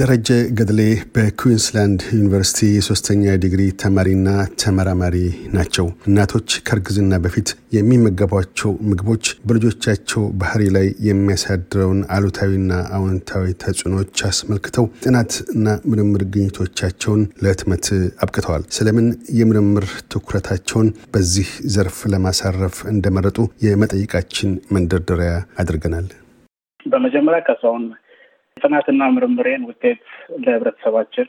ደረጀ ገድሌ በኩዊንስላንድ ዩኒቨርሲቲ የሶስተኛ ዲግሪ ተማሪና ተመራማሪ ናቸው። እናቶች ከእርግዝና በፊት የሚመገቧቸው ምግቦች በልጆቻቸው ባህሪ ላይ የሚያሳድረውን አሉታዊና አዎንታዊ ተጽዕኖዎች አስመልክተው ጥናትና ምርምር ግኝቶቻቸውን ለህትመት አብቅተዋል። ስለምን የምርምር ትኩረታቸውን በዚህ ዘርፍ ለማሳረፍ እንደመረጡ የመጠይቃችን መንደርደሪያ አድርገናል። በመጀመሪያ ከሰውን ጥናትና ምርምሬን ውጤት ለህብረተሰባችን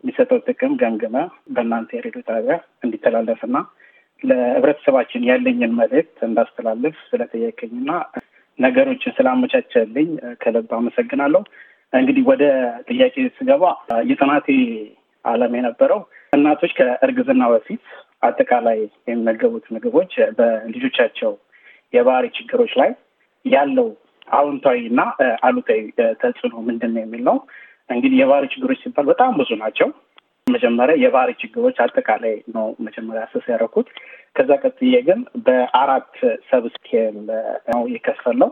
የሚሰጠው ጥቅም ገምግማ በእናንተ የሬዲዮ ጣቢያ እንዲተላለፍና ለህብረተሰባችን ያለኝን መልእክት እንዳስተላልፍ ስለጠየቀኝና ነገሮችን ስላመቻቸልኝ ከልብ አመሰግናለሁ። እንግዲህ ወደ ጥያቄ ስገባ የጥናቴ ዓለም የነበረው እናቶች ከእርግዝና በፊት አጠቃላይ የሚመገቡት ምግቦች በልጆቻቸው የባህሪ ችግሮች ላይ ያለው አዎንታዊና አሉታዊ ተጽዕኖ ምንድን ነው የሚል ነው። እንግዲህ የባህሪ ችግሮች ሲባል በጣም ብዙ ናቸው። መጀመሪያ የባህሪ ችግሮች አጠቃላይ ነው መጀመሪያ ስስ ያደረኩት። ከዛ ቀጥዬ ግን በአራት ሰብስኬል ነው የከፈለው።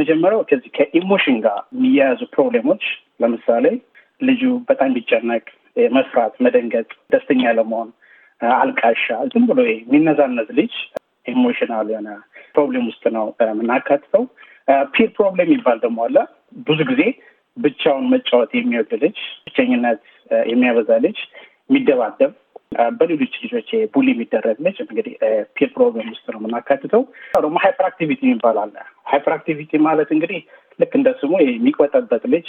መጀመሪያው ከዚህ ከኢሞሽን ጋር የሚያያዙ ፕሮብሌሞች፣ ለምሳሌ ልጁ በጣም ቢጨነቅ፣ መፍራት፣ መደንገጥ፣ ደስተኛ ለመሆን አልቃሻ፣ ዝም ብሎ የሚነዛነዝ ልጅ ኢሞሽናል የሆነ ፕሮብሌም ውስጥ ነው የምናካትተው። ፒር ፕሮብለም የሚባል ደግሞ አለ። ብዙ ጊዜ ብቻውን መጫወት የሚወድ ልጅ፣ ብቸኝነት የሚያበዛ ልጅ፣ የሚደባደብ በሌሎች ልጆች ቡሊ የሚደረግ ልጅ እንግዲህ ፒር ፕሮብለም ውስጥ ነው የምናካትተው። ደግሞ ሃይፐር አክቲቪቲ የሚባል አለ። ሃይፐር አክቲቪቲ ማለት እንግዲህ ልክ እንደ ስሙ የሚቆጠበት ልጅ፣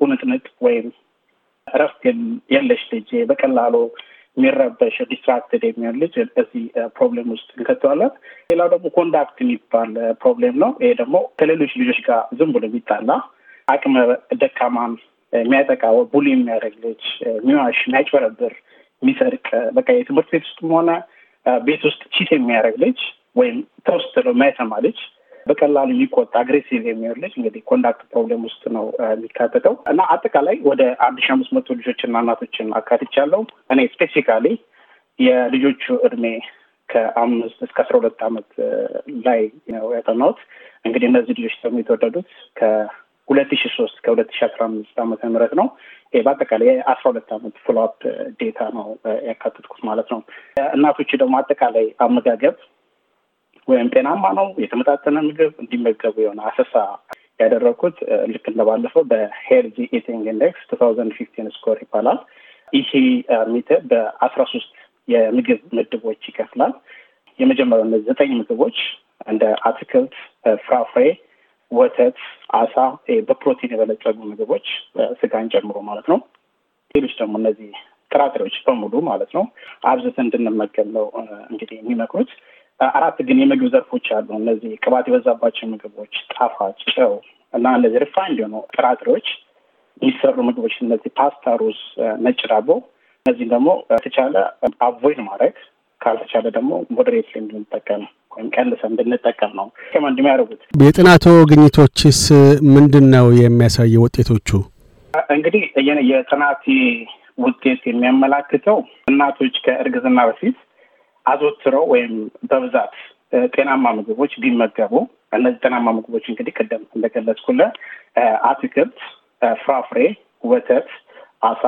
ቁንጥንጥ ወይም እረፍት የለሽ ልጅ፣ በቀላሉ የሚረበሽ ዲስትራክትድ የሚሆን ልጅ በዚህ ፕሮብሌም ውስጥ እንከተዋለን። ሌላው ደግሞ ኮንዳክት የሚባል ፕሮብሌም ነው። ይሄ ደግሞ ከሌሎች ልጆች ጋር ዝም ብሎ የሚጣላ አቅመ ደካማን የሚያጠቃ ቡሊ የሚያደርግ ልጅ፣ የሚዋሽ፣ የሚያጭበረብር፣ የሚሰርቅ በቃ የትምህርት ቤት ውስጥም ሆነ ቤት ውስጥ ቺት የሚያደርግ ልጅ ወይም ተወስሎ የማይሰማ ልጅ በቀላሉ የሚቆጣ አግሬሲቭ የሚሆን ልጅ እንግዲህ ኮንዳክት ፕሮብለም ውስጥ ነው የሚካተተው እና አጠቃላይ ወደ አንድ ሺ አምስት መቶ ልጆችና እናቶችን አካትቻለሁ። እኔ ስፔሲፊካሊ የልጆቹ እድሜ ከአምስት እስከ አስራ ሁለት ዓመት ላይ ነው ያጠናሁት። እንግዲህ እነዚህ ልጆች ደግሞ የተወለዱት ከሁለት ሺ ሶስት ከሁለት ሺ አስራ አምስት ዓመተ ምህረት ነው። በአጠቃላይ የአስራ ሁለት ዓመት ፍሎፕ ዴታ ነው ያካተትኩት ማለት ነው። እናቶች ደግሞ አጠቃላይ አመጋገብ ወይም ጤናማ ነው የተመጣጠነ ምግብ እንዲመገቡ የሆነ አሰሳ ያደረግኩት ልክ እንደባለፈው በሄልዚ ኢቲንግ ኢንዴክስ ቱ ታውዘንድ ፊፍቲን ስኮር ይባላል። ይሄ ሜትር በአስራ ሶስት የምግብ ምድቦች ይከፍላል። የመጀመሪያው እነዚህ ዘጠኝ ምግቦች እንደ አትክልት፣ ፍራፍሬ፣ ወተት፣ አሳ በፕሮቲን የበለጸጉ ምግቦች ስጋን ጨምሮ ማለት ነው። ሌሎች ደግሞ እነዚህ ጥራጥሬዎች በሙሉ ማለት ነው አብዝተን እንድንመገብ ነው እንግዲህ የሚመክሩት። አራት ግን የምግብ ዘርፎች አሉ። እነዚህ ቅባት የበዛባቸው ምግቦች፣ ጣፋጭ፣ ጨው እና እነዚህ ሪፋይንድ የሆኑ ጥራጥሬዎች የሚሰሩ ምግቦች እነዚህ ፓስታ፣ ሩዝ፣ ነጭ ዳቦ እነዚህ ደግሞ ተቻለ አቮይድ ማድረግ ካልተቻለ ደግሞ ሞደሬት እንድንጠቀም ወይም ቀንሰ እንድንጠቀም ነው ከማንድ የሚያደርጉት። የጥናቶ ግኝቶችስ ምንድን ነው የሚያሳየ ውጤቶቹ? እንግዲህ የጥናቴ ውጤት የሚያመላክተው እናቶች ከእርግዝና በፊት አዘወትረው ወይም በብዛት ጤናማ ምግቦች ቢመገቡ እነዚህ ጤናማ ምግቦች እንግዲህ ቅድም እንደገለጽኩልህ አትክልት፣ ፍራፍሬ፣ ወተት፣ አሳ፣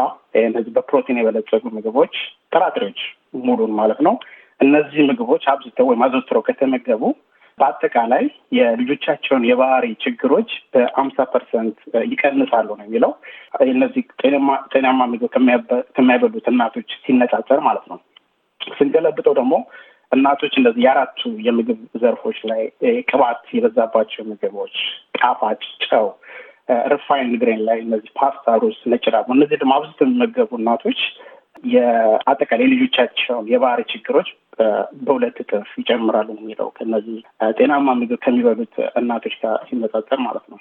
እነዚህ በፕሮቲን የበለጸጉ ምግቦች፣ ጥራጥሬዎች ሙሉን ማለት ነው። እነዚህ ምግቦች አብዝተው ወይም አዘወትረው ከተመገቡ በአጠቃላይ የልጆቻቸውን የባህሪ ችግሮች በአምሳ ፐርሰንት ይቀንሳሉ ነው የሚለው። እነዚህ ጤናማ ምግብ ከሚያበሉት እናቶች ሲነጻጸር ማለት ነው። ስንገለብጠው ደግሞ እናቶች እንደዚህ የአራቱ የምግብ ዘርፎች ላይ ቅባት የበዛባቸው ምግቦች፣ ጣፋጭ፣ ጨው፣ ሪፋይን ግሬን ላይ እነዚህ ፓስታ፣ ሩዝ፣ ነጭ ዳቦ እነዚህ ደግሞ አብዝተው የሚመገቡ እናቶች የአጠቃላይ ልጆቻቸውን የባህሪ ችግሮች በሁለት እጥፍ ይጨምራሉ የሚለው ከነዚህ ጤናማ ምግብ ከሚበሉት እናቶች ጋር ሲመጣጠር ማለት ነው።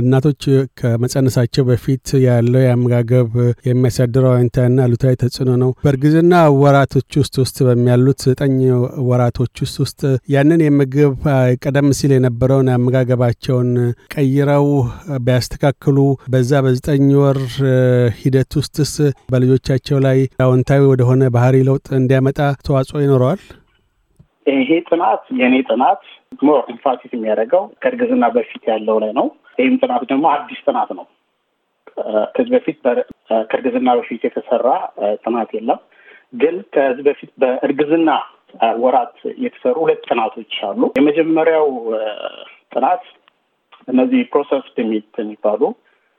እናቶች ከመጸነሳቸው በፊት ያለው የአመጋገብ የሚያሳድረው አዎንታዊና አሉታዊ ተጽዕኖ ነው። በእርግዝና ወራቶች ውስጥ ውስጥ በሚያሉት ዘጠኝ ወራቶች ውስጥ ውስጥ ያንን የምግብ ቀደም ሲል የነበረውን አመጋገባቸውን ቀይረው ቢያስተካክሉ በዛ በዘጠኝ ወር ሂደት ውስጥስ በልጆቻቸው ላይ አዎንታዊ ወደሆነ ባህሪ ለውጥ እንዲያመጣ ተዋጽኦ ይኖረዋል። ይሄ ጥናት የእኔ ጥናት ሞር ኤንፋሲስ የሚያደርገው ከእርግዝና በፊት ያለው ላይ ነው። ይህም ጥናት ደግሞ አዲስ ጥናት ነው። ከዚህ በፊት ከእርግዝና በፊት የተሰራ ጥናት የለም። ግን ከዚህ በፊት በእርግዝና ወራት የተሰሩ ሁለት ጥናቶች አሉ። የመጀመሪያው ጥናት እነዚህ ፕሮሰስ ድሚት የሚባሉ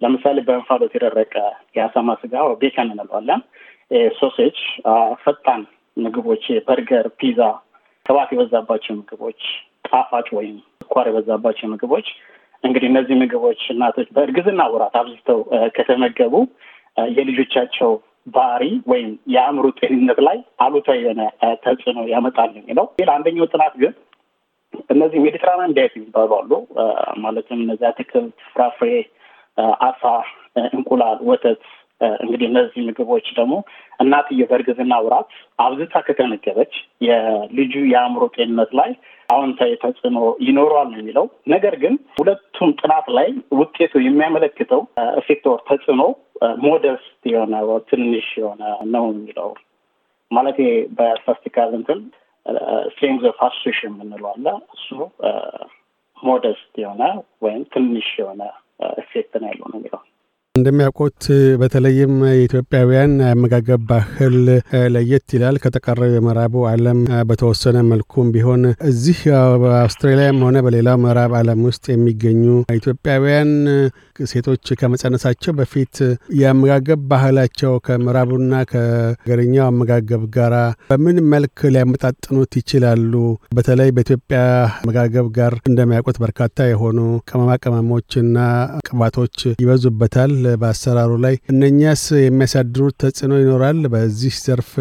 ለምሳሌ በእንፋሎት የደረቀ የአሳማ ስጋ ቤከን እንለዋለን፣ ሶሴጅ፣ ፈጣን ምግቦች፣ በርገር፣ ፒዛ ቅባት የበዛባቸው ምግቦች፣ ጣፋጭ ወይም ስኳር የበዛባቸው ምግቦች እንግዲህ እነዚህ ምግቦች እናቶች በእርግዝና ወራት አብዝተው ከተመገቡ የልጆቻቸው ባህሪ ወይም የአእምሮ ጤንነት ላይ አሉታዊ የሆነ ተጽዕኖ ያመጣል የሚለው ሌላ አንደኛው ጥናት ግን እነዚህ ሜዲትራናን ዳየት የሚባሉ አሉ። ማለትም እነዚህ አትክልት፣ ፍራፍሬ፣ አሳ፣ እንቁላል፣ ወተት እንግዲህ እነዚህ ምግቦች ደግሞ እናትየው በእርግዝና ወራት አብዝታ ከተመገበች የልጁ የአእምሮ ጤንነት ላይ አዎንታዊ ተጽዕኖ ይኖሯል ነው የሚለው። ነገር ግን ሁለቱም ጥናት ላይ ውጤቱ የሚያመለክተው ኢፌክት ተጽዕኖ ሞደስት የሆነ ትንሽ የሆነ ነው የሚለው ማለት በስታስቲካል እንትን ስትሬንግዝ ኦፍ አሶሽን የምንለዋለ እሱ ሞደስት የሆነ ወይም ትንሽ የሆነ ኢፌክት ነው ያለው ነው የሚለው እንደሚያውቁት በተለይም የኢትዮጵያውያን አመጋገብ ባህል ለየት ይላል ከተቀረው የምዕራቡ ዓለም በተወሰነ መልኩም ቢሆን። እዚህ በአውስትራሊያም ሆነ በሌላው ምዕራብ ዓለም ውስጥ የሚገኙ ኢትዮጵያውያን ሴቶች ከመጸነሳቸው በፊት የአመጋገብ ባህላቸው ከምዕራቡና ከገርኛው አመጋገብ ጋር በምን መልክ ሊያመጣጥኑት ይችላሉ? በተለይ በኢትዮጵያ አመጋገብ ጋር እንደሚያውቁት በርካታ የሆኑ ቅመማ ቅመሞችና ቅባቶች ይበዙበታል በአሰራሩ ላይ። እነኛስ የሚያሳድሩት ተጽዕኖ ይኖራል? በዚህ ዘርፍ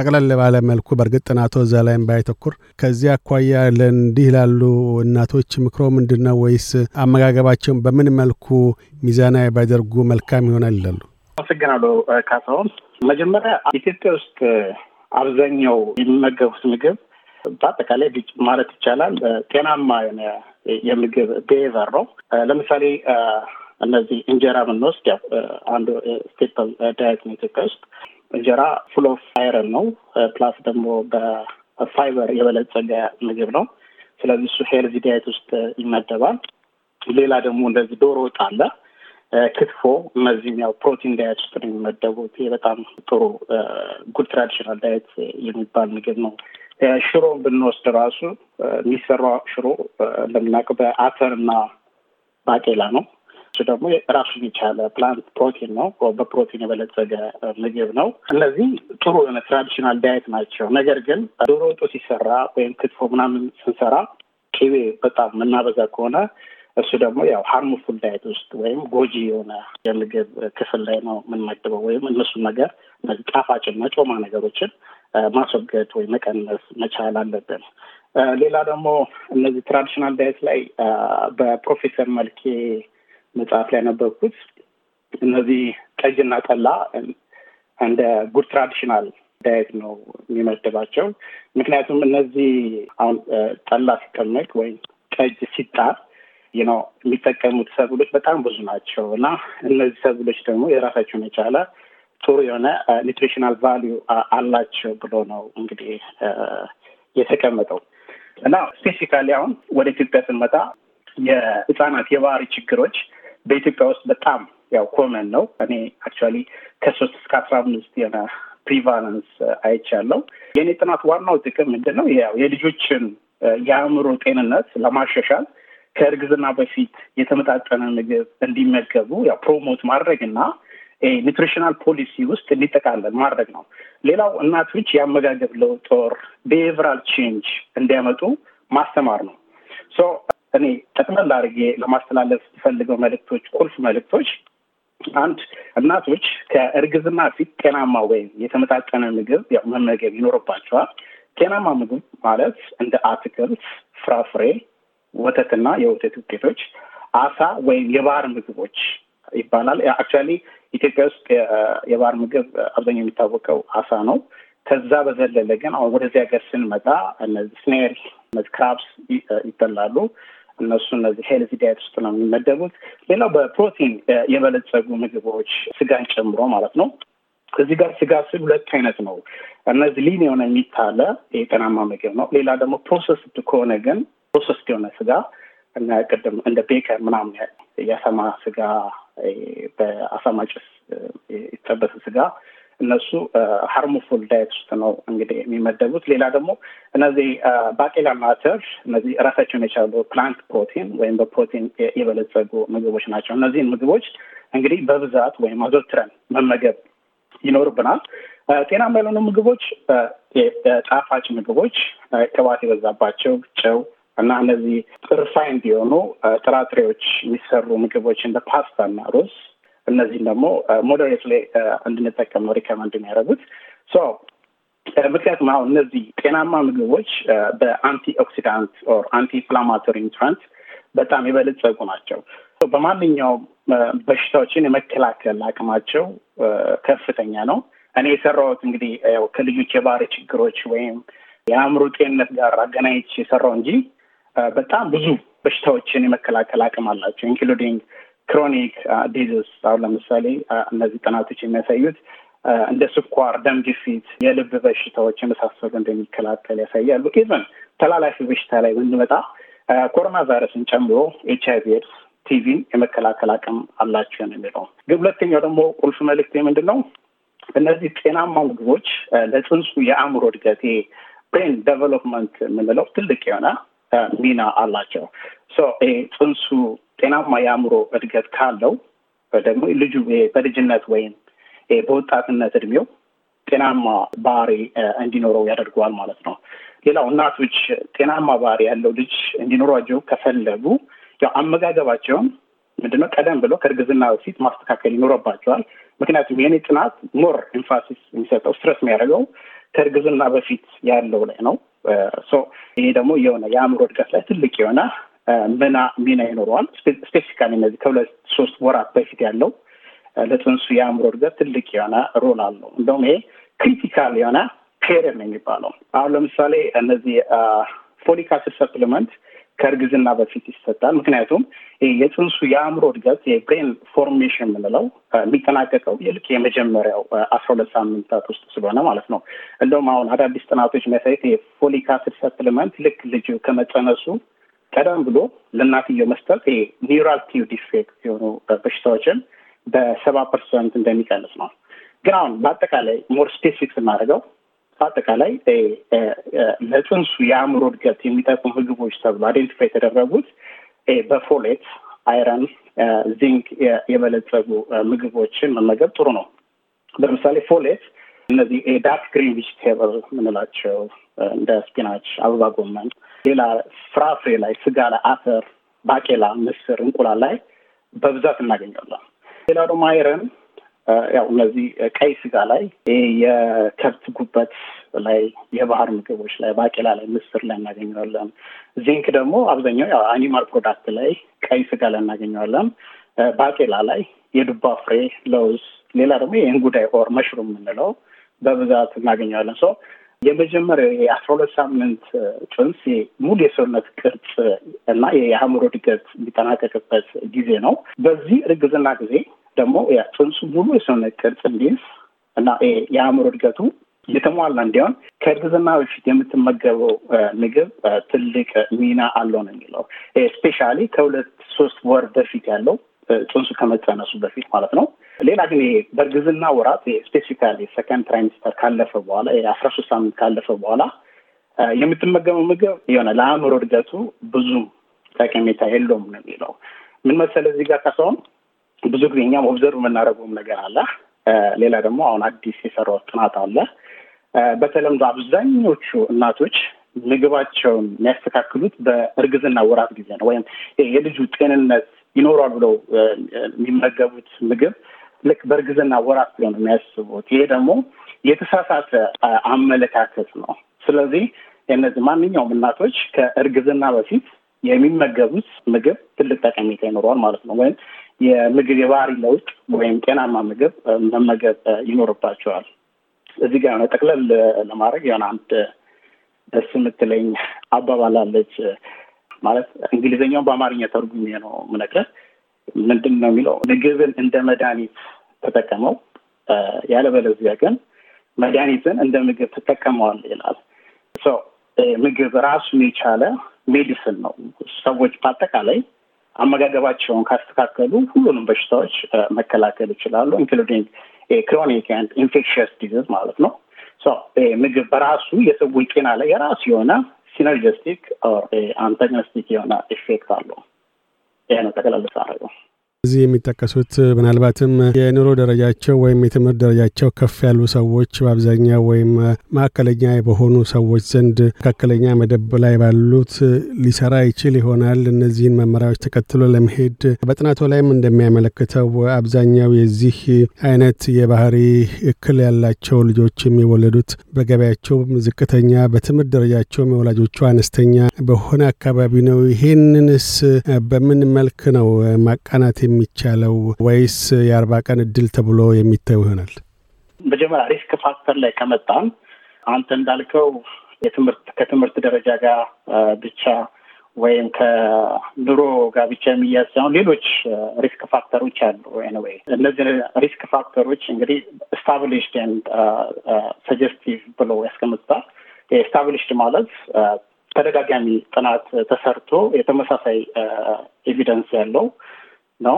ጠቅለል ባለ መልኩ በእርግጥ ጥናቶ እዛ ላይም ባይተኩር ከዚህ አኳያ ለእንዲህ ላሉ እናቶች ምክሮ ምንድን ነው? ወይስ አመጋገባቸውን በምን መልኩ ሚዛናዊ ባይደርጉ መልካም ይሆናል ይላሉ? አመሰግናለሁ ካሳሁን። መጀመሪያ ኢትዮጵያ ውስጥ አብዛኛው የሚመገቡት ምግብ በአጠቃላይ ማለት ይቻላል ጤናማ የሆነ የምግብ ቤቨር ነው። ለምሳሌ እነዚህ እንጀራ ብንወስድ ያው አንዱ ስቴፕል ዳየት ነው ኢትዮጵያ ውስጥ እንጀራ ፉል ኦፍ አይረን ነው። ፕላስ ደግሞ በፋይበር የበለጸገ ምግብ ነው። ስለዚህ እሱ ሄልዚ ዳየት ውስጥ ይመደባል። ሌላ ደግሞ እንደዚህ ዶሮ ወጥ አለ፣ ክትፎ። እነዚህም ያው ፕሮቲን ዳየት ውስጥ ነው የሚመደቡት። ይህ በጣም ጥሩ ጉድ ትራዲሽናል ዳየት የሚባል ምግብ ነው። ሽሮን ብንወስድ ራሱ የሚሰራው ሽሮ እንደምናውቀው በአተር እና ባቄላ ነው። እሱ ደግሞ ራሱን የቻለ ፕላንት ፕሮቲን ነው፣ በፕሮቲን የበለጸገ ምግብ ነው። እነዚህ ጥሩ የሆነ ትራዲሽናል ዳየት ናቸው። ነገር ግን ዶሮ ወጡ ሲሰራ ወይም ክትፎ ምናምን ስንሰራ ቂቤ በጣም የምናበዛ ከሆነ እሱ ደግሞ ያው ሀርሙፉል ዳይት ውስጥ ወይም ጎጂ የሆነ የምግብ ክፍል ላይ ነው የምንመግበው ወይም እነሱ ነገር ጣፋጭ ጣፋጭና ጮማ ነገሮችን ማስወገድ ወይ መቀነስ መቻል አለብን። ሌላ ደግሞ እነዚህ ትራዲሽናል ዳይት ላይ በፕሮፌሰር መልኬ መጽሐፍ ላይ ነበርኩት እነዚህ ጠጅና ጠላ እንደ ጉድ ትራዲሽናል ዳየት ነው የሚመድባቸው። ምክንያቱም እነዚህ አሁን ጠላ ሲቀመቅ ወይም ጠጅ ሲጣር ነው የሚጠቀሙት ሰብሎች በጣም ብዙ ናቸው እና እነዚህ ሰብሎች ደግሞ የራሳቸውን የቻለ ጥሩ የሆነ ኒትሪሽናል uh, ቫሊዩ uh, አላቸው ብሎ ነው እንግዲህ uh, የተቀመጠው እና ስፔሲካሊ አሁን ወደ ኢትዮጵያ ስንመጣ የህፃናት የባህሪ ችግሮች በኢትዮጵያ ውስጥ በጣም ያው ኮመን ነው። እኔ አክቹዋሊ ከሶስት እስከ አስራ አምስት የሆነ ፕሪቫለንስ አይቻለው። የእኔ ጥናት ዋናው ጥቅም ምንድን ነው? ያው የልጆችን የአእምሮ ጤንነት ለማሻሻል ከእርግዝና በፊት የተመጣጠነ ምግብ እንዲመገቡ ያው ፕሮሞት ማድረግ እና ኒትሪሽናል ፖሊሲ ውስጥ እንዲጠቃለል ማድረግ ነው። ሌላው እናቶች የአመጋገብ ለውጥ ጦር ቢሄቨራል ቼንጅ እንዲያመጡ ማስተማር ነው። ሶ እኔ ጠቅለል አድርጌ ለማስተላለፍ ፈልገው መልእክቶች፣ ቁልፍ መልእክቶች አንድ እናቶች ከእርግዝና ፊት ጤናማ ወይም የተመጣጠነ ምግብ መመገብ ይኖርባቸዋል። ጤናማ ምግብ ማለት እንደ አትክልት፣ ፍራፍሬ ወተትና የወተት ውጤቶች፣ አሳ ወይም የባህር ምግቦች ይባላል። አክቹዋሊ ኢትዮጵያ ውስጥ የባህር ምግብ አብዛኛው የሚታወቀው አሳ ነው። ከዛ በዘለለ ግን አሁን ወደዚህ ሀገር ስንመጣ እነዚህ ስኔል እነዚህ ክራብስ ይበላሉ። እነሱ እነዚህ ሄልዚ ዳየት ውስጥ ነው የሚመደቡት። ሌላው በፕሮቲን የበለጸጉ ምግቦች ስጋን ጨምሮ ማለት ነው። እዚህ ጋር ስጋ ስል ሁለት አይነት ነው። እነዚህ ሊን የሆነ የሚታለ የጤናማ ምግብ ነው። ሌላ ደግሞ ፕሮሰስ ከሆነ ግን ፕሮሰስ የሆነ ስጋ እና ቅድም እንደ ቤከር ምናምን የአሳማ ስጋ በአሳማ ጭስ የተጠበሰ ስጋ እነሱ ሀርሙፉል ዳየት ውስጥ ነው እንግዲህ የሚመደቡት። ሌላ ደግሞ እነዚህ ባቄላ ማተር እነዚህ ራሳቸውን የቻሉ ፕላንት ፕሮቲን ወይም በፕሮቲን የበለጸጉ ምግቦች ናቸው። እነዚህን ምግቦች እንግዲህ በብዛት ወይም አዘውትረን መመገብ ይኖርብናል። ጤናማ ያልሆኑ ምግቦች ጣፋጭ ምግቦች፣ ቅባት የበዛባቸው ጨው እና እነዚህ ሪፋይንድ የሆኑ ጥራጥሬዎች የሚሰሩ ምግቦች እንደ ፓስታ እና ሩዝ እነዚህም ደግሞ ሞደሬት ላይ እንድንጠቀም ነው ሪከመንድ የሚያደርጉት። ምክንያቱም አሁን እነዚህ ጤናማ ምግቦች በአንቲ ኦክሲዳንት ኦር አንቲ ኢንፍላማቶሪ ኒትራንት በጣም የበለጸጉ ናቸው። በማንኛውም በሽታዎችን የመከላከል አቅማቸው ከፍተኛ ነው። እኔ የሰራሁት እንግዲህ ከልጆች የባህሪ ችግሮች ወይም የአእምሮ ጤንነት ጋር አገናኝች የሰራው እንጂ በጣም ብዙ በሽታዎችን የመከላከል አቅም አላቸው ኢንክሉዲንግ ክሮኒክ ዲዝስ አሁን ለምሳሌ እነዚህ ጥናቶች የሚያሳዩት እንደ ስኳር፣ ደም ግፊት፣ የልብ በሽታዎች የመሳሰሉ እንደሚከላከል ያሳያሉ። ኢቨን ተላላፊ በሽታ ላይ ብንመጣ ኮሮና ቫይረስን ጨምሮ ኤች አይቪ ኤድስ፣ ቲቪን የመከላከል አቅም አላቸው የሚለው ግን ሁለተኛው ደግሞ ቁልፍ መልእክት የምንድን ነው? እነዚህ ጤናማ ምግቦች ለፅንሱ የአእምሮ እድገት ብሬን ዴቨሎፕመንት የምንለው ትልቅ የሆነ ሚና አላቸው። ጽንሱ ጤናማ የአእምሮ እድገት ካለው ደግሞ ልጁ በልጅነት ወይም በወጣትነት እድሜው ጤናማ ባህሪ እንዲኖረው ያደርገዋል ማለት ነው። ሌላው እናቶች ጤናማ ባህሪ ያለው ልጅ እንዲኖሯቸው ከፈለጉ ያው አመጋገባቸውን ምንድነው ቀደም ብሎ ከእርግዝና በፊት ማስተካከል ይኖረባቸዋል። ምክንያቱም የኔ ጥናት ሞር ኤንፋሲስ የሚሰጠው ስትረስ የሚያደርገው ከእርግዝና በፊት ያለው ላይ ነው። ይሄ ደግሞ የሆነ የአእምሮ እድገት ላይ ትልቅ የሆነ ምና ሚና ይኖረዋል። ስፔሲፊካሊ እነዚህ ከሁለት ሶስት ወራት በፊት ያለው ለጽንሱ የአእምሮ እድገት ትልቅ የሆነ ሮል አለው። እንደውም ይሄ ክሪቲካል የሆነ ፔሪየድ ነው የሚባለው። አሁን ለምሳሌ እነዚህ ፎሊክ አሲድ ሰፕሊመንት ከእርግዝና በፊት ይሰጣል። ምክንያቱም የፅንሱ የአእምሮ እድገት የብሬን ፎርሜሽን የምንለው የሚጠናቀቀው የልክ የመጀመሪያው አስራ ሁለት ሳምንታት ውስጥ ስለሆነ ማለት ነው። እንደውም አሁን አዳዲስ ጥናቶች መሳየት የፎሊክ አሲድ ሰፕሊመንት ልክ ልጅ ከመጸነሱ ቀደም ብሎ ለእናትየው መስጠት ኒውራል ቲዩብ ዲፌክት የሆኑ በሽታዎችን በሰባ ፐርሰንት እንደሚቀንስ ነው። ግን አሁን በአጠቃላይ ሞር ስፔሲፊክ ስናደርገው በአጠቃላይ ለጽንሱ የአእምሮ እድገት የሚጠቅሙ ምግቦች ተብሎ አይደንቲፋይ የተደረጉት በፎሌት፣ አይረን፣ ዚንክ የበለጸጉ ምግቦችን መመገብ ጥሩ ነው። ለምሳሌ ፎሌት እነዚህ ዳርክ ግሪን ቪጅቴብል የምንላቸው እንደ ስፒናች፣ አበባ ጎመን፣ ሌላ ፍራፍሬ ላይ፣ ስጋ ላይ፣ አተር፣ ባቄላ፣ ምስር፣ እንቁላል ላይ በብዛት እናገኛለን። ሌላ ደግሞ አይረን ያው እነዚህ ቀይ ስጋ ላይ የከብት ጉበት ላይ የባህር ምግቦች ላይ ባቄላ ላይ፣ ምስር ላይ እናገኘዋለን። ዚንክ ደግሞ አብዛኛው ያው አኒማል ፕሮዳክት ላይ ቀይ ስጋ ላይ እናገኘዋለን። ባቄላ ላይ የዱባ ፍሬ፣ ለውዝ፣ ሌላ ደግሞ የእንጉዳይ ኦር መሽሩም የምንለው በብዛት እናገኘዋለን። ሶ የመጀመሪያው የአስራ ሁለት ሳምንት ጭንስ ሙሉ የሰውነት ቅርጽ እና የአእምሮ እድገት የሚጠናቀቅበት ጊዜ ነው። በዚህ እርግዝና ጊዜ ደግሞ የጽንሱ ሙሉ የሰውነት ቅርጽ እንዲይዝ እና የአእምሮ እድገቱ የተሟላ እንዲሆን ከእርግዝና በፊት የምትመገበው ምግብ ትልቅ ሚና አለው ነው የሚለው። ስፔሻሊ ከሁለት ሶስት ወር በፊት ያለው ጽንሱ ከመጸነሱ በፊት ማለት ነው። ሌላ ግን ይሄ በእርግዝና ወራት ስፔሲፊካሊ ሰከንድ ትራይሚስተር ካለፈ በኋላ አስራ ሶስት ሳምንት ካለፈ በኋላ የምትመገበው ምግብ የሆነ ለአእምሮ እድገቱ ብዙ ጠቀሜታ የለውም ነው የሚለው። ምን መሰለ እዚህ ጋር ከሰውም ብዙ ጊዜ እኛም ኦብዘርቭ የምናደርገውም ነገር አለ። ሌላ ደግሞ አሁን አዲስ የሰራው ጥናት አለ። በተለምዶ አብዛኞቹ እናቶች ምግባቸውን የሚያስተካክሉት በእርግዝና ወራት ጊዜ ነው። ወይም የልጁ ጤንነት ይኖሯል ብለው የሚመገቡት ምግብ ልክ በእርግዝና ወራት ብለው ነው የሚያስቡት። ይሄ ደግሞ የተሳሳተ አመለካከት ነው። ስለዚህ እነዚህ ማንኛውም እናቶች ከእርግዝና በፊት የሚመገቡት ምግብ ትልቅ ጠቀሜታ ይኖረዋል ማለት ነው ወይም የምግብ የባህሪ ለውጥ ወይም ጤናማ ምግብ መመገብ ይኖርባቸዋል። እዚህ ጋር ነው ጠቅለል ለማድረግ የሆነ አንድ ደስ የምትለኝ አለች። ማለት እንግሊዝኛውን በአማርኛ ተርጉሜ ነው የምነግርህ። ምንድን ነው የሚለው ምግብን እንደ መድኃኒት ተጠቀመው፣ ያለበለዚያ ግን መድኃኒትን እንደ ምግብ ትጠቀመዋል ይላል። ምግብ ራሱን የቻለ ሜዲስን ነው። ሰዎች በአጠቃላይ አመጋገባቸውን ካስተካከሉ ሁሉንም በሽታዎች መከላከል ይችላሉ። ኢንክሉዲንግ ክሮኒክ ኤንድ ኢንፌክሽስ ዲዚዝ ማለት ነው። ምግብ በራሱ የሰውን ጤና ላይ የራሱ የሆነ ሲነርጂስቲክ አንታጎኒስቲክ የሆነ ኢፌክት አለው። ይሄ ነው ጠቅለል ሳደርገው። እዚህ የሚጠቀሱት ምናልባትም የኑሮ ደረጃቸው ወይም የትምህርት ደረጃቸው ከፍ ያሉ ሰዎች በአብዛኛው ወይም ማዕከለኛ በሆኑ ሰዎች ዘንድ መካከለኛ መደብ ላይ ባሉት ሊሰራ ይችል ይሆናል። እነዚህን መመሪያዎች ተከትሎ ለመሄድ በጥናቶ ላይም እንደሚያመለክተው አብዛኛው የዚህ አይነት የባህሪ እክል ያላቸው ልጆች የሚወለዱት በገበያቸውም ዝቅተኛ፣ በትምህርት ደረጃቸውም የወላጆቹ አነስተኛ በሆነ አካባቢ ነው። ይህንንስ በምን መልክ ነው ማቃናት የሚቻለው ወይስ የአርባ ቀን እድል ተብሎ የሚታዩ ይሆናል? መጀመሪያ ሪስክ ፋክተር ላይ ከመጣም አንተ እንዳልከው የትምህርት ከትምህርት ደረጃ ጋር ብቻ ወይም ከኑሮ ጋር ብቻ የሚያዝ ሳይሆን ሌሎች ሪስክ ፋክተሮች አሉ። ኤኒዌይ እነዚህ ሪስክ ፋክተሮች እንግዲህ ስታብሊሽድ ሰጀስቲቭ ብሎ ያስቀምጣል። ስታብሊሽድ ማለት ተደጋጋሚ ጥናት ተሰርቶ የተመሳሳይ ኤቪደንስ ያለው ነው።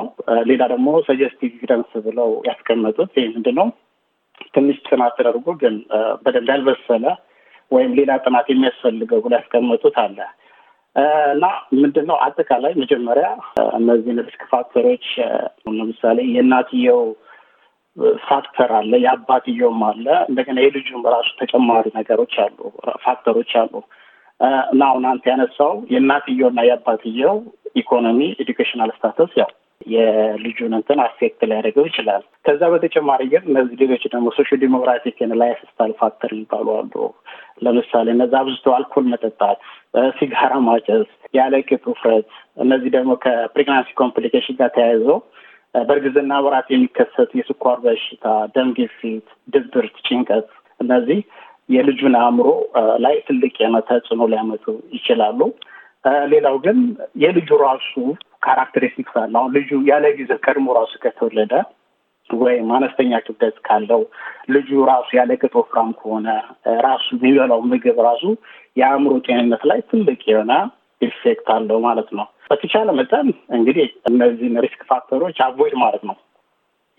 ሌላ ደግሞ ሰጀስቲቭ ኤቪደንስ ብለው ያስቀመጡት ይህ ምንድን ነው? ትንሽ ጥናት ተደርጎ ግን በደንብ ያልበሰለ ወይም ሌላ ጥናት የሚያስፈልገው ብለው ያስቀመጡት አለ እና ምንድን ነው አጠቃላይ መጀመሪያ እነዚህን ሪስክ ፋክተሮች ለምሳሌ የእናትየው ፋክተር አለ፣ የአባትየውም አለ፣ እንደገና የልጁም ራሱ ተጨማሪ ነገሮች አሉ፣ ፋክተሮች አሉ እና አሁን አንተ ያነሳው የእናትየውና የአባትየው ኢኮኖሚ፣ ኤዱኬሽናል ስታተስ ያው የልጁን እንትን አፌክት ሊያደርገው ይችላል። ከዛ በተጨማሪ ግን እነዚህ ሌሎች ደግሞ ሶሽ ዲሞክራቲክ ላይፍ ፋክተር ይባሉ አሉ። ለምሳሌ እነዚ አብዝቶ አልኮል መጠጣት፣ ሲጋራ ማጨስ፣ ያለቂ ውፍረት፣ እነዚህ ደግሞ ከፕሬግናንሲ ኮምፕሊኬሽን ጋር ተያይዘው በእርግዝና ወራት የሚከሰት የስኳር በሽታ፣ ደም ግፊት፣ ድብርት፣ ጭንቀት እነዚህ የልጁን አእምሮ ላይ ትልቅ የሆነ ተጽዕኖ ሊያመጡ ይችላሉ። ሌላው ግን የልጁ ራሱ ካራክተሪስቲክስ አለ። አሁን ልጁ ያለ ጊዜ ቀድሞ ራሱ ከተወለደ ወይም አነስተኛ ክብደት ካለው ልጁ ራሱ ያለ ቅጥ ወፍራም ከሆነ ራሱ የሚበላው ምግብ ራሱ የአእምሮ ጤንነት ላይ ትልቅ የሆነ ኢፌክት አለው ማለት ነው። በተቻለ መጠን እንግዲህ እነዚህን ሪስክ ፋክተሮች አቮይድ ማለት ነው።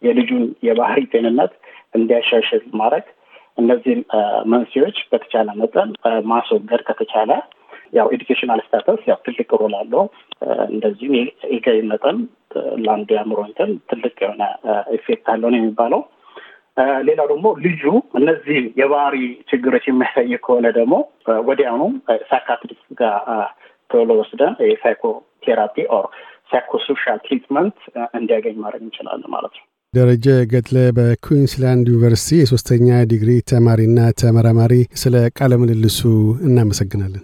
የልጁን የባህሪ ጤንነት እንዲያሻሽል ማድረግ እነዚህን መንስኤዎች በተቻለ መጠን ማስወገድ ከተቻለ ያው ኤዱኬሽናል ስታተስ ያው ትልቅ ሮል አለው። እንደዚሁም የገቢ መጠን ለአንዱ የአእምሮ እንትን ትልቅ የሆነ ኢፌክት አለው ነው የሚባለው። ሌላው ደግሞ ልጁ እነዚህ የባህሪ ችግሮች የሚያሳይ ከሆነ ደግሞ ወዲያውኑ ሳይካትሪስት ጋር ቶሎ ወስደን የሳይኮ ቴራፒ ኦር ሳይኮሶሻል ትሪትመንት እንዲያገኝ ማድረግ እንችላለን ማለት ነው። ደረጀ ገትለ በኩዊንስላንድ ዩኒቨርሲቲ የሶስተኛ ዲግሪ ተማሪና ተመራማሪ፣ ስለ ቃለ ምልልሱ እናመሰግናለን።